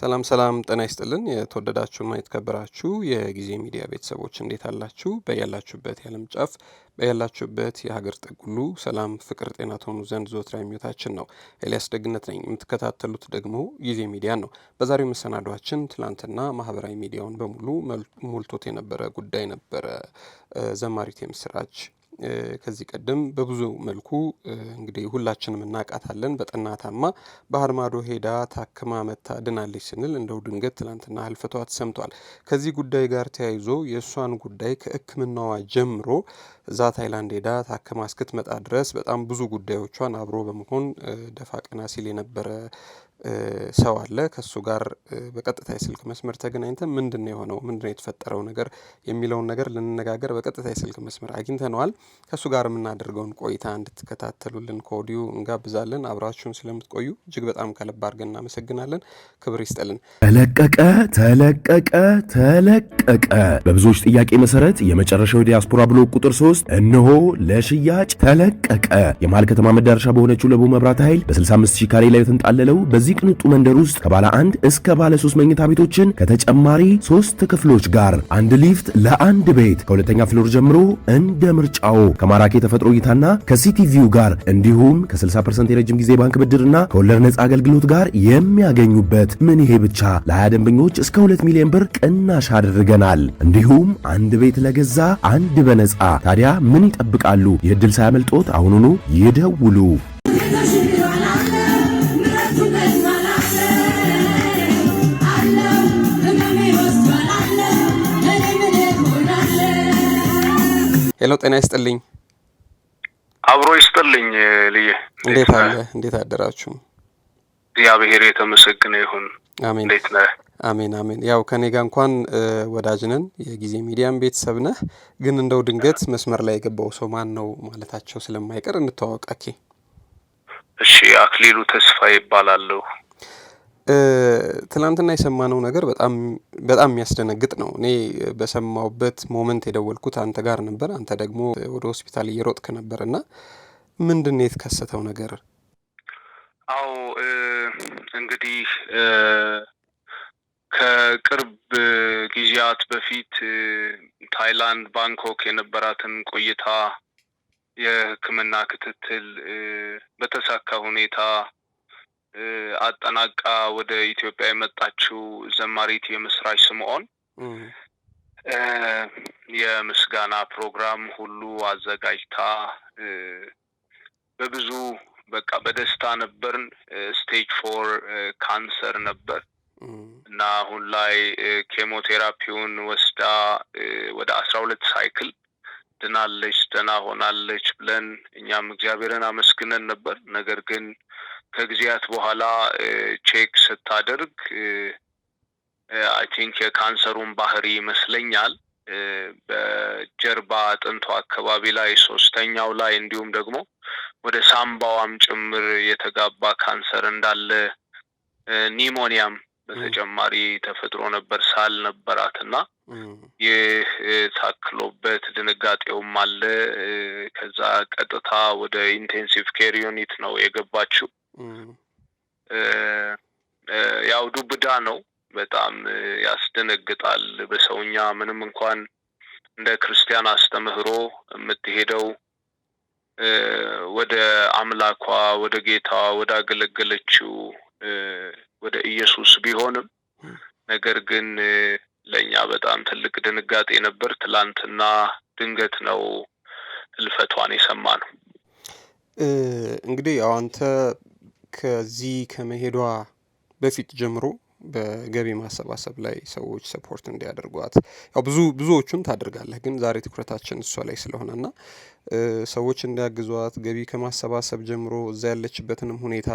ሰላም ሰላም፣ ጤና ይስጥልን። የተወደዳችሁና የተከበራችሁ የጊዜ ሚዲያ ቤተሰቦች እንዴት አላችሁ? በያላችሁበት የዓለም ጫፍ በያላችሁበት የሀገር ጥግ ሁሉ ሰላም፣ ፍቅር፣ ጤና ትሆኑ ዘንድ ዘወትር ምኞታችን ነው። ኤልያስ ደግነት ነኝ። የምትከታተሉት ደግሞ ጊዜ ሚዲያ ነው። በዛሬው መሰናዷችን ትላንትና ማህበራዊ ሚዲያውን በሙሉ ሞልቶት የነበረ ጉዳይ ነበረ። ዘማሪት የምስራች ከዚህ ቀደም በብዙ መልኩ እንግዲህ ሁላችንም እናውቃታለን። በጠና ታማ ባህር ማዶ ሄዳ ታክማ መታ ድናለች ስንል እንደው ድንገት ትላንትና ህልፈቷ ተሰምቷል። ከዚህ ጉዳይ ጋር ተያይዞ የእሷን ጉዳይ ከሕክምናዋ ጀምሮ እዛ ታይላንድ ሄዳ ታክማ እስክትመጣ ድረስ በጣም ብዙ ጉዳዮቿን አብሮ በመሆን ደፋ ቀና ሲል የነበረ ሰው አለ። ከእሱ ጋር በቀጥታ የስልክ መስመር ተገናኝተን ምንድን ነው የሆነው፣ ምንድን ነው የተፈጠረው ነገር የሚለውን ነገር ልንነጋገር በቀጥታ የስልክ መስመር አግኝተነዋል። ከእሱ ጋር የምናደርገውን ቆይታ እንድትከታተሉልን ከወዲሁ እንጋብዛለን። አብራችሁን ስለምትቆዩ እጅግ በጣም ከልብ አድርገን እናመሰግናለን። ክብር ይስጥልን። ተለቀቀ ተለቀቀ ተለቀቀ። በብዙዎች ጥያቄ መሰረት የመጨረሻው ዲያስፖራ ብሎክ ቁጥር ሶስት እነሆ ለሽያጭ ተለቀቀ። የመሀል ከተማ መዳረሻ በሆነችው ለቡ መብራት ኃይል በ65 ሺህ ካሬ ላይ የተንጣለለው በዚህ በዚህ ቅንጡ መንደር ውስጥ ከባለ አንድ እስከ ባለ ሶስት መኝታ ቤቶችን ከተጨማሪ ሶስት ክፍሎች ጋር አንድ ሊፍት ለአንድ ቤት ከሁለተኛ ፍሎር ጀምሮ እንደ ምርጫው ከማራኪ የተፈጥሮ እይታና ከሲቲቪው ጋር እንዲሁም ከ60% የረጅም ጊዜ ባንክ ብድርና ከወለድ ነጻ አገልግሎት ጋር የሚያገኙበት። ምን ይሄ ብቻ ለሀያ ደንበኞች እስከ 2 ሚሊዮን ብር ቅናሽ አድርገናል። እንዲሁም አንድ ቤት ለገዛ አንድ በነጻ። ታዲያ ምን ይጠብቃሉ? የእድል ሳያመልጦት አሁኑኑ ይደውሉ። ሄሎ ጤና ይስጥልኝ። አብሮ ይስጥልኝ ልዬ፣ እንዴት አለ? እንዴት አደራችሁ? እግዚአብሔር የተመሰገነ ይሁን። አሜን። እንዴት ነህ? አሜን አሜን። ያው ከኔ ጋር እንኳን ወዳጅ ነን፣ የጊዜ ሚዲያም ቤተሰብ ነህ። ግን እንደው ድንገት መስመር ላይ የገባው ሰው ማን ነው ማለታቸው ስለማይቀር እንተዋወቅ። እሺ፣ አክሊሉ ተስፋ ይባላለሁ። ትናንትና የሰማነው ነገር በጣም የሚያስደነግጥ ነው። እኔ በሰማሁበት ሞመንት የደወልኩት አንተ ጋር ነበር። አንተ ደግሞ ወደ ሆስፒታል እየሮጥክ ነበር እና ምንድን ነው የተከሰተው ነገር? አዎ እንግዲህ ከቅርብ ጊዜያት በፊት ታይላንድ ባንኮክ የነበራትን ቆይታ የሕክምና ክትትል በተሳካ ሁኔታ አጠናቃ ወደ ኢትዮጵያ የመጣችው ዘማሪት የምስራች ስምኦን የምስጋና ፕሮግራም ሁሉ አዘጋጅታ በብዙ በቃ በደስታ ነበርን። ስቴጅ ፎር ካንሰር ነበር እና አሁን ላይ ኬሞቴራፒውን ወስዳ ወደ አስራ ሁለት ሳይክል ድናለች፣ ደና ሆናለች ብለን እኛም እግዚአብሔርን አመስግነን ነበር። ነገር ግን ከጊዜያት በኋላ ቼክ ስታደርግ አይ ቲንክ የካንሰሩን ባህሪ ይመስለኛል በጀርባ አጥንቷ አካባቢ ላይ ሶስተኛው ላይ እንዲሁም ደግሞ ወደ ሳምባዋም ጭምር የተጋባ ካንሰር እንዳለ ኒሞኒያም በተጨማሪ ተፈጥሮ ነበር ሳል ነበራት እና ይህ ታክሎበት ድንጋጤውም አለ። ከዛ ቀጥታ ወደ ኢንቴንሲቭ ኬር ዩኒት ነው የገባችው። ያው ዱብዳ ነው። በጣም ያስደነግጣል። በሰውኛ ምንም እንኳን እንደ ክርስቲያን አስተምህሮ የምትሄደው ወደ አምላኳ ወደ ጌታዋ ወደ አገለገለችው ወደ ኢየሱስ ቢሆንም ነገር ግን ለእኛ በጣም ትልቅ ድንጋጤ ነበር። ትላንትና ድንገት ነው ህልፈቷን የሰማ ነው። እንግዲህ ያው አንተ ከዚህ ከመሄዷ በፊት ጀምሮ በገቢ ማሰባሰብ ላይ ሰዎች ሰፖርት እንዲያደርጓት ያው ብዙ ብዙዎቹን ታደርጋለህ፣ ግን ዛሬ ትኩረታችን እሷ ላይ ስለሆነና ሰዎች እንዲያግዟት ገቢ ከማሰባሰብ ጀምሮ እዛ ያለችበትንም ሁኔታ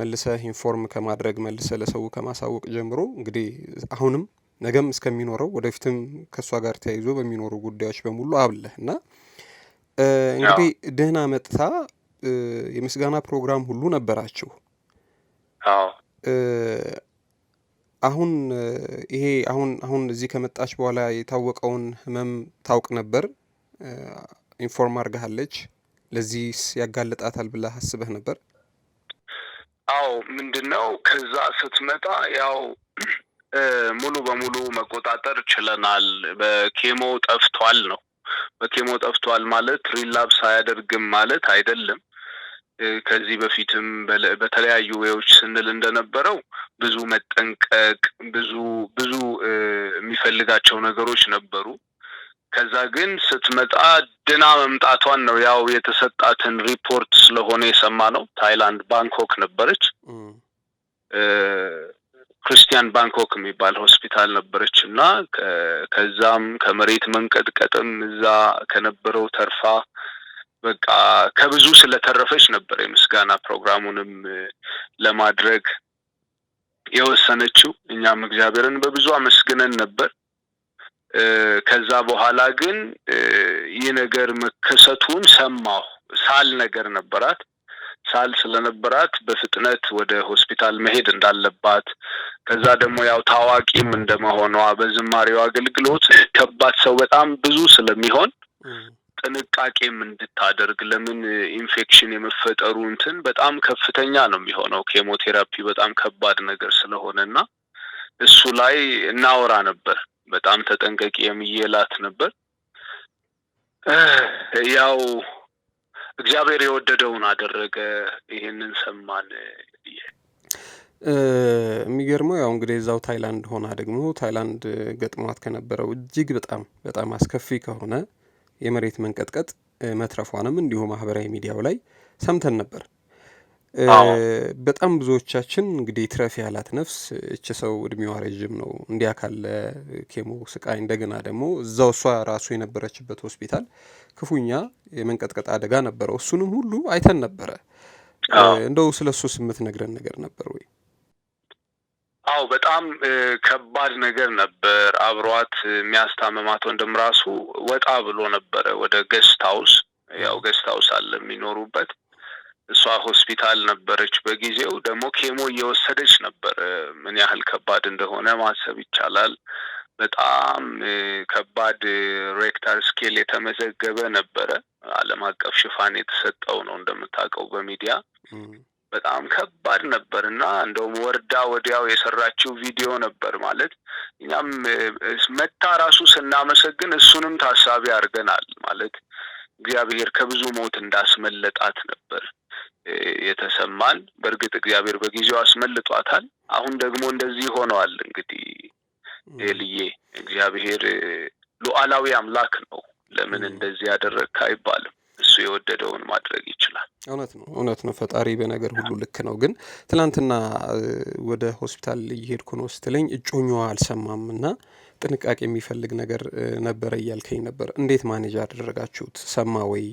መልሰህ ኢንፎርም ከማድረግ መልሰህ ለሰው ከማሳወቅ ጀምሮ እንግዲህ አሁንም ነገም እስከሚኖረው ወደፊትም ከእሷ ጋር ተያይዞ በሚኖሩ ጉዳዮች በሙሉ አብለህ እና እንግዲህ ደህና መጥታ የምስጋና ፕሮግራም ሁሉ ነበራችሁ። አሁን ይሄ አሁን አሁን እዚህ ከመጣች በኋላ የታወቀውን ህመም ታውቅ ነበር? ኢንፎርም አድርገሃለች? ለዚህስ ያጋልጣታል ብላ አስበህ ነበር? አዎ፣ ምንድን ነው ከዛ ስትመጣ ያው ሙሉ በሙሉ መቆጣጠር ችለናል። በኬሞ ጠፍቷል ነው። በኬሞ ጠፍቷል ማለት ሪላፕስ አያደርግም ማለት አይደለም። ከዚህ በፊትም በተለያዩ ወዎች ስንል እንደነበረው ብዙ መጠንቀቅ ብዙ ብዙ የሚፈልጋቸው ነገሮች ነበሩ። ከዛ ግን ስትመጣ ድና መምጣቷን ነው ያው የተሰጣትን ሪፖርት ስለሆነ የሰማ ነው። ታይላንድ ባንኮክ ነበረች። ክርስቲያን ባንኮክ የሚባል ሆስፒታል ነበረች እና ከዛም ከመሬት መንቀጥቀጥም እዛ ከነበረው ተርፋ በቃ ከብዙ ስለተረፈች ነበር የምስጋና ፕሮግራሙንም ለማድረግ የወሰነችው። እኛም እግዚአብሔርን በብዙ አመስግነን ነበር። ከዛ በኋላ ግን ይህ ነገር መከሰቱን ሰማሁ። ሳል ነገር ነበራት። ሳል ስለነበራት በፍጥነት ወደ ሆስፒታል መሄድ እንዳለባት ከዛ ደግሞ ያው ታዋቂም እንደመሆኗ በዝማሪው አገልግሎት ከባድ ሰው በጣም ብዙ ስለሚሆን ጥንቃቄም እንድታደርግ ለምን ኢንፌክሽን የመፈጠሩ እንትን በጣም ከፍተኛ ነው የሚሆነው። ኬሞቴራፒ በጣም ከባድ ነገር ስለሆነ እና እሱ ላይ እናወራ ነበር። በጣም ተጠንቀቂ የሚየላት ነበር። ያው እግዚአብሔር የወደደውን አደረገ። ይሄንን ሰማን። የሚገርመው ያው እንግዲህ እዛው ታይላንድ ሆና ደግሞ ታይላንድ ገጥሟት ከነበረው እጅግ በጣም በጣም አስከፊ ከሆነ የመሬት መንቀጥቀጥ መትረፏንም እንዲሁ ማህበራዊ ሚዲያው ላይ ሰምተን ነበር። በጣም ብዙዎቻችን እንግዲህ ትረፍ ያላት ነፍስ እች ሰው እድሜዋ ረዥም ነው፣ እንዲያ ካለ ኬሞ ስቃይ እንደገና ደግሞ እዛው እሷ ራሱ የነበረችበት ሆስፒታል ክፉኛ የመንቀጥቀጥ አደጋ ነበረው። እሱንም ሁሉ አይተን ነበረ። እንደው ስለ እሱ ስምት ነግረን ነገር ነበር ወይ? አዎ በጣም ከባድ ነገር ነበር። አብሯት የሚያስታመማት ወንድም ራሱ ወጣ ብሎ ነበረ ወደ ገስት ሀውስ፣ ያው ገስት ሀውስ አለ የሚኖሩበት። እሷ ሆስፒታል ነበረች በጊዜው ደግሞ ኬሞ እየወሰደች ነበር። ምን ያህል ከባድ እንደሆነ ማሰብ ይቻላል። በጣም ከባድ ሬክታር ስኬል የተመዘገበ ነበረ። ዓለም አቀፍ ሽፋን የተሰጠው ነው እንደምታውቀው በሚዲያ በጣም ከባድ ነበር እና እንደውም ወርዳ ወዲያው የሰራችው ቪዲዮ ነበር ማለት እኛም መታ ራሱ ስናመሰግን እሱንም ታሳቢ አድርገናል ማለት እግዚአብሔር ከብዙ ሞት እንዳስመለጣት ነበር የተሰማን። በእርግጥ እግዚአብሔር በጊዜው አስመልጧታል። አሁን ደግሞ እንደዚህ ሆነዋል። እንግዲህ ልዬ እግዚአብሔር ሉዓላዊ አምላክ ነው። ለምን እንደዚህ ያደረግ አይባልም። እሱ የወደደውን ማድረግ ይችላል። እውነት ነው፣ እውነት ነው። ፈጣሪ በነገር ሁሉ ልክ ነው። ግን ትናንትና ወደ ሆስፒታል እየሄድኩ ነው ስትለኝ እጮኛዋ አልሰማም እና ጥንቃቄ የሚፈልግ ነገር ነበረ እያልከኝ ነበር። እንዴት ማኔጅ አደረጋችሁት? ሰማ ወይ?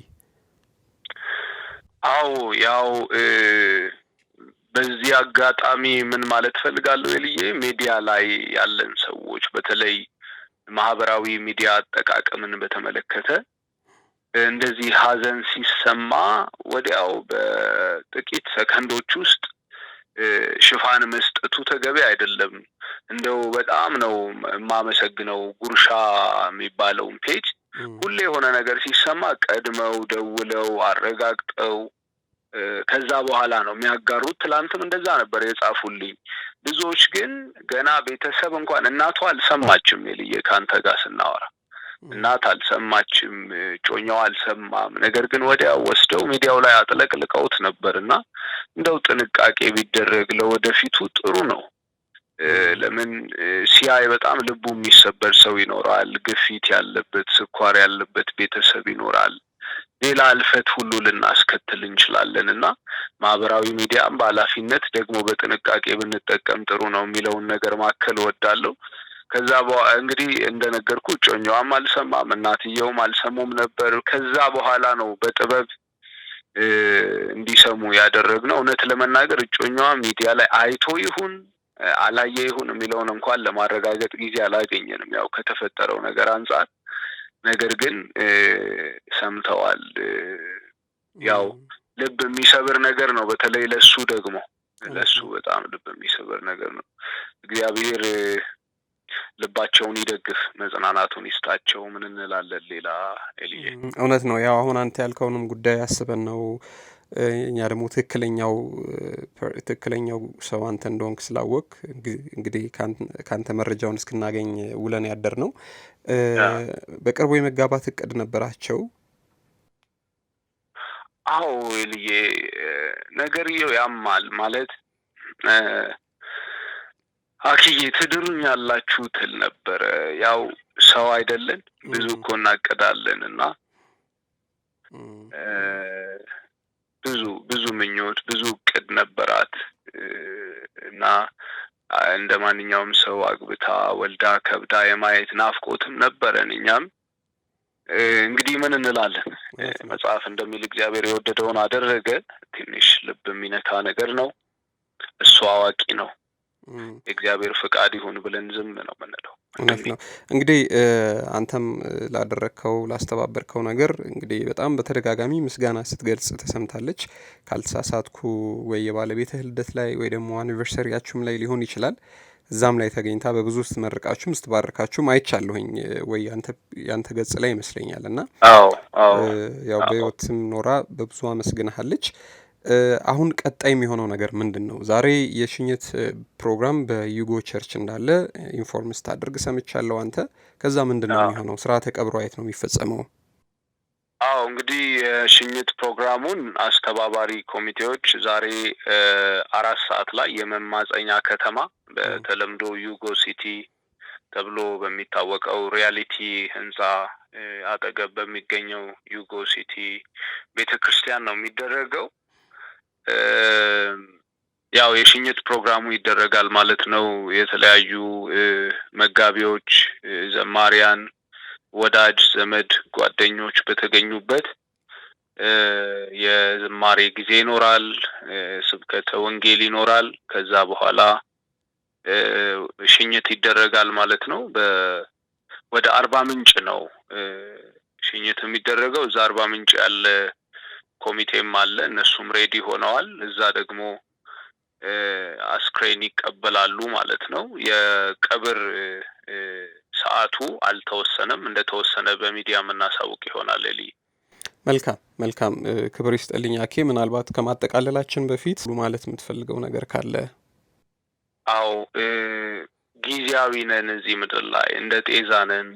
አዎ፣ ያው በዚህ አጋጣሚ ምን ማለት እፈልጋለሁ ልዬ ሚዲያ ላይ ያለን ሰዎች በተለይ ማህበራዊ ሚዲያ አጠቃቀምን በተመለከተ እንደዚህ ሀዘን ሲሰማ ወዲያው በጥቂት ሰከንዶች ውስጥ ሽፋን መስጠቱ ተገቢ አይደለም። እንደው በጣም ነው የማመሰግነው ጉርሻ የሚባለውን ፔጅ ሁሌ የሆነ ነገር ሲሰማ ቀድመው ደውለው አረጋግጠው ከዛ በኋላ ነው የሚያጋሩት። ትላንትም እንደዛ ነበር የጻፉልኝ ብዙዎች። ግን ገና ቤተሰብ እንኳን እናቷ አልሰማችም የልዬ ከአንተ ጋር ስናወራ እናት አልሰማችም፣ ጮኛው አልሰማም። ነገር ግን ወዲያ ወስደው ሚዲያው ላይ አጥለቅልቀውት ነበር እና እንደው ጥንቃቄ ቢደረግ ለወደፊቱ ጥሩ ነው። ለምን ሲያይ በጣም ልቡ የሚሰበር ሰው ይኖራል። ግፊት ያለበት፣ ስኳር ያለበት ቤተሰብ ይኖራል። ሌላ እልፈት ሁሉ ልናስከትል እንችላለን እና ማህበራዊ ሚዲያም በኃላፊነት ደግሞ በጥንቃቄ ብንጠቀም ጥሩ ነው የሚለውን ነገር ማከል እወዳለሁ። ከዛ እንግዲህ እንደነገርኩ እጮኛዋም አልሰማም እናትየውም አልሰሙም ነበር። ከዛ በኋላ ነው በጥበብ እንዲሰሙ ያደረግነው። እውነት ለመናገር እጮኛዋ ሚዲያ ላይ አይቶ ይሁን አላየ ይሁን የሚለውን እንኳን ለማረጋገጥ ጊዜ አላገኘንም፣ ያው ከተፈጠረው ነገር አንጻር። ነገር ግን ሰምተዋል። ያው ልብ የሚሰብር ነገር ነው። በተለይ ለሱ ደግሞ ለሱ በጣም ልብ የሚሰብር ነገር ነው። እግዚአብሔር ልባቸውን ይደግፍ፣ መጽናናቱን ይስጣቸው። ምን እንላለን ሌላ? ኤልዬ እውነት ነው። ያው አሁን አንተ ያልከውንም ጉዳይ አስበን ነው እኛ ደግሞ ትክክለኛው ትክክለኛው ሰው አንተ እንደሆንክ ስላወቅ እንግዲህ ከአንተ መረጃውን እስክናገኝ ውለን ያደር ነው። በቅርቡ የመጋባት እቅድ ነበራቸው? አዎ ልዬ ነገርየው ያማል ማለት አክዬ ትድሩኛላችሁ ትል ነበረ። ያው ሰው አይደለን ብዙ እኮ እናቅዳለን እና ብዙ ብዙ ምኞት ብዙ እቅድ ነበራት እና እንደ ማንኛውም ሰው አግብታ ወልዳ ከብዳ የማየት ናፍቆትም ነበረን። እኛም እንግዲህ ምን እንላለን፣ መጽሐፍ እንደሚል እግዚአብሔር የወደደውን አደረገ። ትንሽ ልብ የሚነካ ነገር ነው። እሱ አዋቂ የእግዚአብሔር ፍቃድ ይሁን ብለን ዝም ነው ምንለው። እውነት ነው እንግዲህ አንተም ላደረግከው ላስተባበርከው ነገር እንግዲህ በጣም በተደጋጋሚ ምስጋና ስትገልጽ ተሰምታለች። ካልተሳሳትኩ ወይ የባለቤትህ ልደት ላይ ወይ ደግሞ አኒቨርሰሪያችሁም ላይ ሊሆን ይችላል። እዛም ላይ ተገኝታ በብዙ ስትመርቃችሁም ስትባርካችሁም አይቻለሁኝ ወይ ያንተ ገጽ ላይ ይመስለኛል። እና ያው በህይወትም ኖራ በብዙ አመስግናሃለች። አሁን ቀጣይ የሚሆነው ነገር ምንድን ነው? ዛሬ የሽኝት ፕሮግራም በዩጎ ቸርች እንዳለ ኢንፎርም ስታደርግ ሰምቻለሁ። አንተ ከዛ ምንድን ነው የሚሆነው? ስርዓተ ቀብሩ አየት ነው የሚፈጸመው? አዎ እንግዲህ የሽኝት ፕሮግራሙን አስተባባሪ ኮሚቴዎች ዛሬ አራት ሰዓት ላይ የመማፀኛ ከተማ በተለምዶ ዩጎ ሲቲ ተብሎ በሚታወቀው ሪያሊቲ ህንፃ አጠገብ በሚገኘው ዩጎ ሲቲ ቤተ ክርስቲያን ነው የሚደረገው። ያው የሽኝት ፕሮግራሙ ይደረጋል ማለት ነው። የተለያዩ መጋቢዎች፣ ዘማሪያን፣ ወዳጅ ዘመድ፣ ጓደኞች በተገኙበት የዝማሬ ጊዜ ይኖራል። ስብከተ ወንጌል ይኖራል። ከዛ በኋላ ሽኝት ይደረጋል ማለት ነው። ወደ አርባ ምንጭ ነው ሽኝት የሚደረገው። እዛ አርባ ምንጭ ያለ ኮሚቴም አለ። እነሱም ሬዲ ሆነዋል። እዛ ደግሞ አስክሬን ይቀበላሉ ማለት ነው። የቀብር ሰዓቱ አልተወሰነም። እንደተወሰነ በሚዲያ የምናሳውቅ ይሆናል። ሊ መልካም መልካም። ክብር ይስጠልኝ አኬ። ምናልባት ከማጠቃለላችን በፊት ማለት የምትፈልገው ነገር ካለ? አዎ ጊዜያዊ ነን። እዚህ ምድር ላይ እንደ ጤዛ ነን።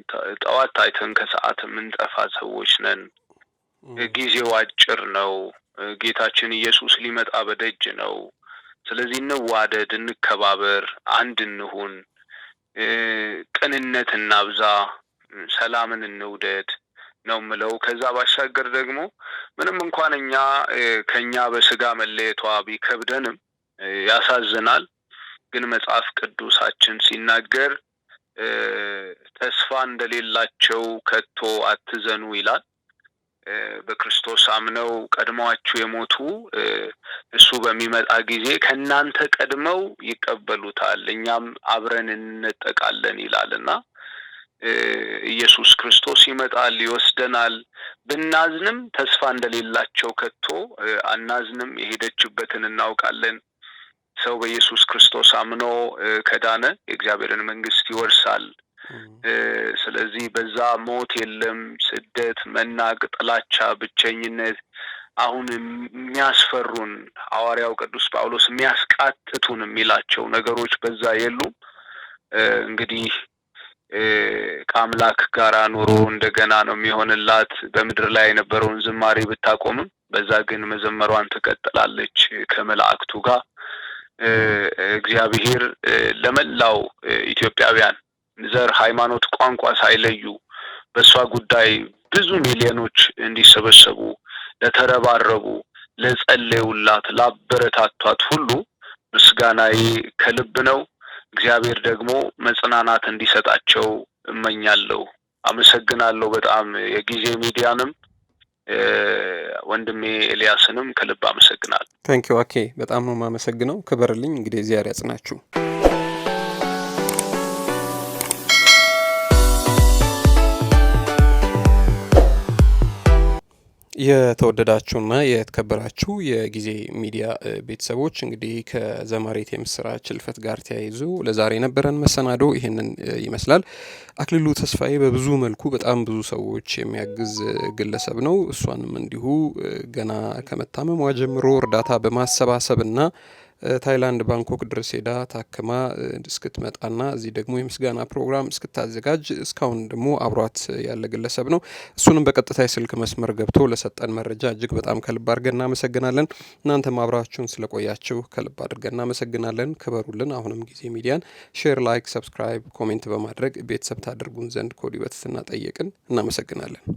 ጠዋት ታይተን ከሰዓት የምንጠፋ ሰዎች ነን። ጊዜው አጭር ነው። ጌታችን ኢየሱስ ሊመጣ በደጅ ነው። ስለዚህ እንዋደድ፣ እንከባበር፣ አንድ እንሁን፣ ቅንነት እናብዛ፣ ሰላምን እንውደድ ነው ምለው። ከዛ ባሻገር ደግሞ ምንም እንኳን እኛ ከኛ በስጋ መለየቷ ቢከብደንም ያሳዝናል፣ ግን መጽሐፍ ቅዱሳችን ሲናገር ተስፋ እንደሌላቸው ከቶ አትዘኑ ይላል። በክርስቶስ አምነው ቀድመዋችሁ የሞቱ እሱ በሚመጣ ጊዜ ከእናንተ ቀድመው ይቀበሉታል፣ እኛም አብረን እንነጠቃለን ይላል እና ኢየሱስ ክርስቶስ ይመጣል፣ ይወስደናል። ብናዝንም ተስፋ እንደሌላቸው ከቶ አናዝንም። የሄደችበትን እናውቃለን። ሰው በኢየሱስ ክርስቶስ አምኖ ከዳነ የእግዚአብሔርን መንግስት ይወርሳል። ስለዚህ በዛ ሞት የለም፣ ስደት፣ መናቅ፣ ጥላቻ፣ ብቸኝነት አሁን የሚያስፈሩን ሐዋርያው ቅዱስ ጳውሎስ የሚያስቃትቱን የሚላቸው ነገሮች በዛ የሉም። እንግዲህ ከአምላክ ጋር ኑሮ እንደገና ነው የሚሆንላት። በምድር ላይ የነበረውን ዝማሬ ብታቆምም በዛ ግን መዘመሯን ትቀጥላለች ከመላእክቱ ጋር። እግዚአብሔር ለመላው ኢትዮጵያውያን ዘር፣ ሃይማኖት፣ ቋንቋ ሳይለዩ በእሷ ጉዳይ ብዙ ሚሊዮኖች እንዲሰበሰቡ ለተረባረቡ፣ ለጸለዩላት፣ ላበረታቷት ሁሉ ምስጋናዬ ከልብ ነው። እግዚአብሔር ደግሞ መጽናናት እንዲሰጣቸው እመኛለሁ። አመሰግናለሁ በጣም የጊዜ ሚዲያንም ወንድሜ ኤልያስንም ከልብ አመሰግናለሁ። ታንኪዩ። ኦኬ፣ በጣም ነው የማመሰግነው። ክበርልኝ። እንግዲህ እግዚአብሔር ያጽናችሁ። የተወደዳችሁና የተከበራችሁ የጊዜ ሚዲያ ቤተሰቦች እንግዲህ ከዘማሪት የምስራች ሕልፈት ጋር ተያይዞ ለዛሬ የነበረን መሰናዶ ይህንን ይመስላል። አክሊሉ ተስፋዬ በብዙ መልኩ በጣም ብዙ ሰዎች የሚያግዝ ግለሰብ ነው። እሷንም እንዲሁ ገና ከመታመሟ ጀምሮ እርዳታ በማሰባሰብና ታይላንድ ባንኮክ ድረስ ሄዳ ታክማ እስክትመጣና እዚህ ደግሞ የምስጋና ፕሮግራም እስክታዘጋጅ እስካሁን ደግሞ አብሯት ያለ ግለሰብ ነው። እሱንም በቀጥታ የስልክ መስመር ገብቶ ለሰጠን መረጃ እጅግ በጣም ከልብ አድርገን እናመሰግናለን። እናንተም አብራችሁን ስለቆያችሁ ከልብ አድርገን እናመሰግናለን። ክበሩልን። አሁንም ጊዜ ሚዲያን ሼር፣ ላይክ፣ ሰብስክራይብ፣ ኮሜንት በማድረግ ቤተሰብ ታደርጉን ዘንድ ኮዲ በትትና ጠየቅን። እናመሰግናለን።